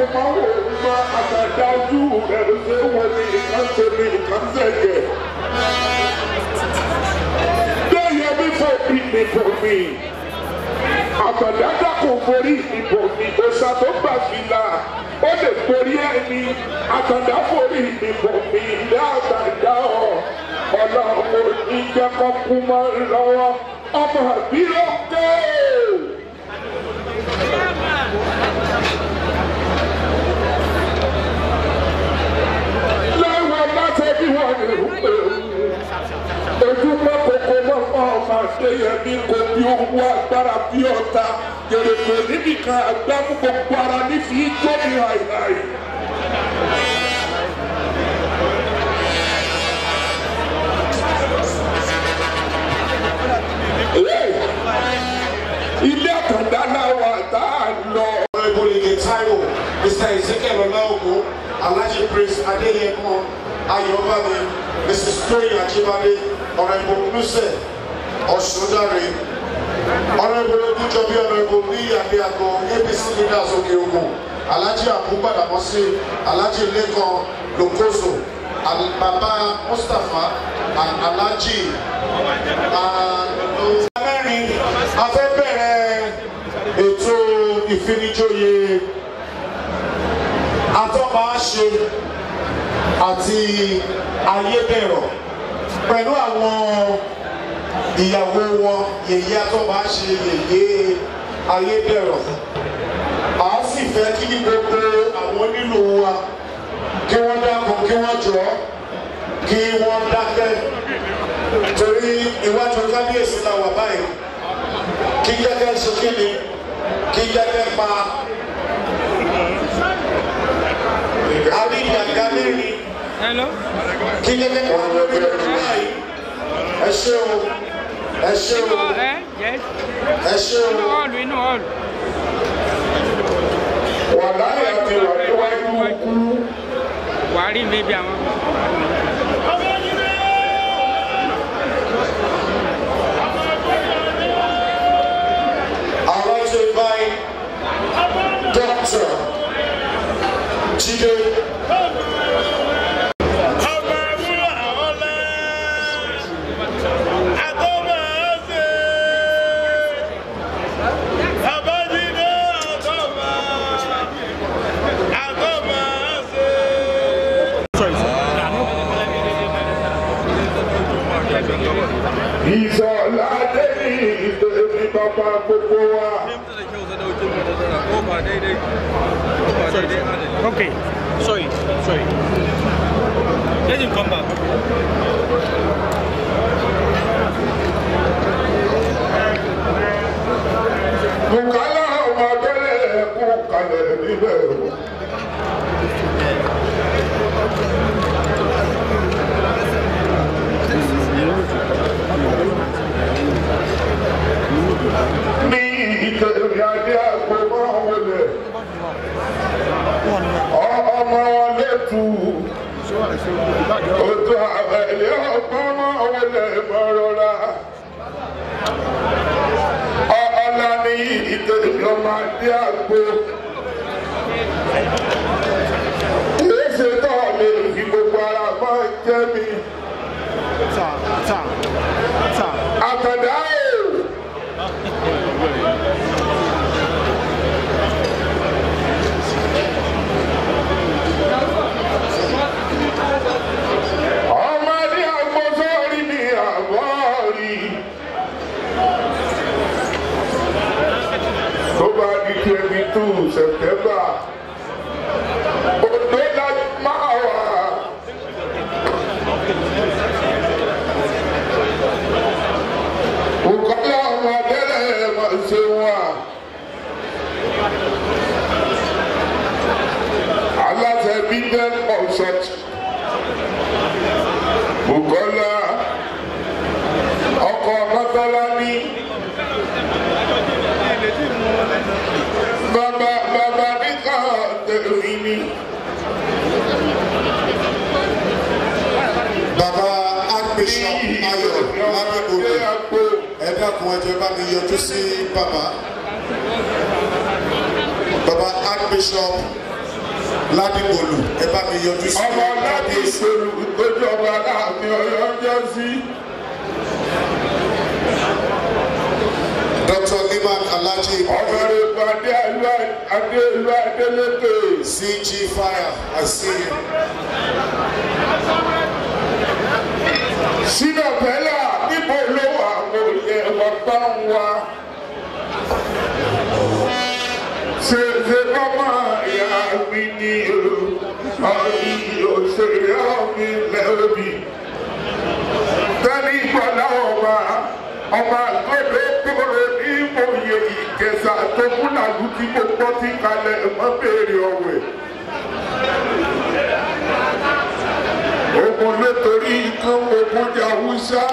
mo máa wò ó mọ àtàdá ojú rẹ̀ ló ṣe wọ ní ìkànsẹ́ ní ìkànsẹ́ jẹ. Bẹ́ẹ̀ni ẹbí fò bí mi fò mí. Àtàdá dàpọ̀ borí mi bò mí. Òṣà tó gbà fìlà ó lè borí ẹni. Àtàdá borí mi bò mí. Ọmọ àbí ló adéyẹmí kò bí owó agbára bí ọ̀tá gèrègbè níbìkan àgbámú gbogbo ara nífi jóni àìláì. ilé àkàndá làwọn àtà lọ. ọ̀rẹ́bùrì ní Táíwò Mr Ezekiel ọláògùn Alhaji Prince Adéyẹmọ Ayọ̀bámi Mrs Tóyìn Ajíbádé ọ̀rẹ́bùrì Lúsẹ̀ ọ̀ṣọ́dáre ọ̀rẹ́bẹ̀rẹ̀ oníjọbí ọ̀rẹ́bẹ̀ oníyàgbé àgọ́ apc leaders òkè ogun alhaji abubakar alhaji lẹ́kàn lokoso baba mustapha alhaji mẹ́rin afẹ́bẹ̀rẹ̀ ètò ìfinijóye atọ́mọ̀áṣe àti ayédèrò pẹ̀lú àwọn ìyàwó wọn yèyí atọ́ba ṣe yèyé ayédèrọ̀ à á sì fẹ́ kí ní gbogbo àwọn nílò wa kí wọ́n dákun kí wọ́n jọ kí wọ́n dákẹ́ torí iwájú kábíyèsí la wà báyìí kí jẹ́kẹ́ ṣe kí ni kí jẹ́kẹ́ pa àríyàngalẹ́rin kí jẹ́kẹ́ pa lórí ọdún báyìí ẹ ṣé o ẹ ṣé o ẹ ṣé o inú ọ̀lù ti wà níwájú kú. wàá rí mi bí àwọn. okay sorry sorry let him come back máa dé àgbo. Ìyẹ́sẹ̀ náà lè fi gbogbo ara máa jẹ́ mi. Àkàndá. dákun ẹjọ́ bá mi yọjú sí bàbá bàbá archbishop ládìgbòlù ẹ bá mi yọjú sí ọmọ ládìgbòlù ojú ọba láàfin Ọ̀yọ́ jẹ sí. Dr. Liman Alaji Ọ̀gbẹ́rẹ́ Ìpàdé Adélu Adélékè CG Fire àsìyẹ. Sínà Bẹ́là níbo ló wa ṣèṣe lọ́mọ ìyá mi ni àbí òṣèré ọ̀mí lẹ́bi tẹ́lí ìpàdé ọba ọba àgbẹ̀dẹ kúrò ní ìmọ̀ye ìkẹsà tó kúlàlú tí mo gbọ́ sí kalẹ̀ mọ́ béèrè ọ̀wẹ̀. ogun nítorí ikán ogun jà wúṣá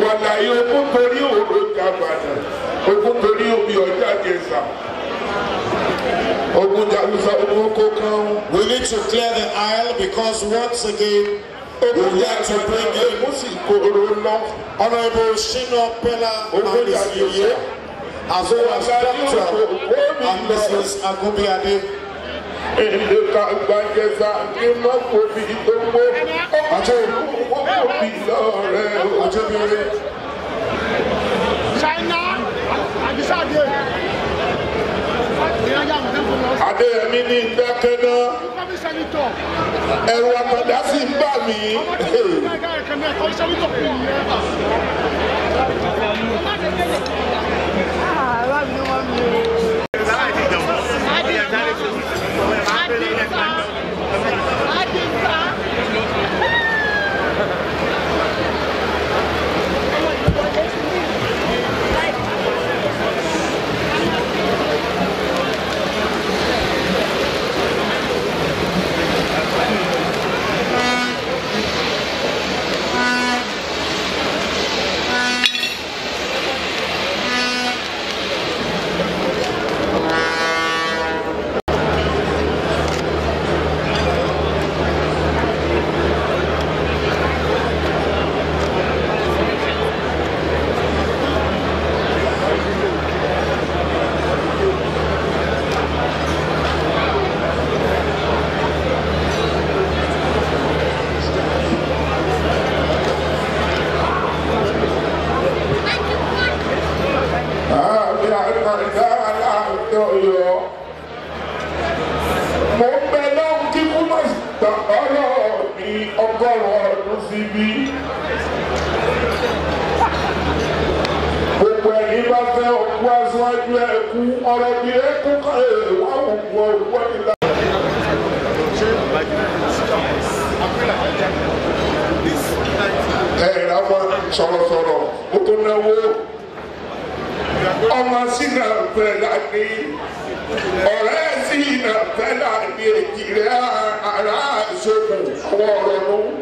wàlàyé ogún torí òru jàbàdàn ogún torí omi ọjà jẹsà ogún jàbùsà ogún oko kan. we need to clear the aisle because once again. We like to bring in Honorable Shino Pella and his as well as Dr. and Mrs ilé ka gbàjẹsà ní mọ́kòbí tó pé àti mọ́kòbí lọ́rẹ́ òjòbìnrin. ṣáínà àdìsá àdìẹ. Adéyẹmí ní ìdákẹ́ná. Ẹ̀rù àtàdá sì ń bà mí. Ah, I love you, I love you. síbí. Gbogbo ẹ̀yin bá fẹ́ òkú aṣáájú ẹ̀kú ọ̀rọ̀ bí ẹ̀kú wà òkú òkú ẹ̀dá. Ẹ̀rọ àwọn sọ̀rọ̀sọ̀rọ̀ ó tó náwó ọmọ sínú àgbẹ̀ láti ọ̀rẹ́ sínú àgbẹ̀ láti èjì rẹ̀ ara ṣokùn ọwọ́ ọ̀rọ̀ lọ́wọ́.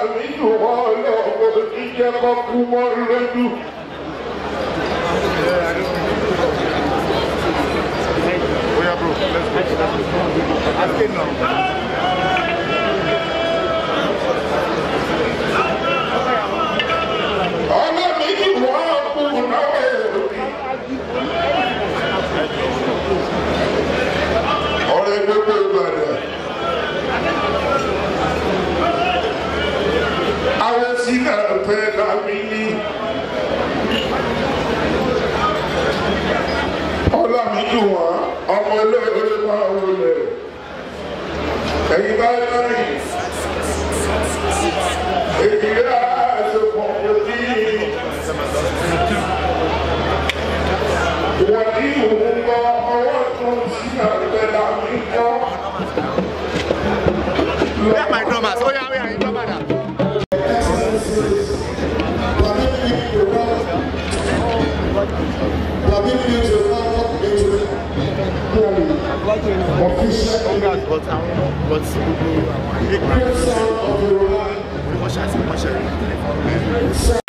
منه على مرجعكم bro. Let's go. I've lórí are my drummers? Oh yeah, where are congrats but àwọn but gbogbo àwọn ilé ìgbà tó ṣe wọ́n ṣàtìmọ́ṣẹ́ rẹ̀ tẹ̀lé fún mi.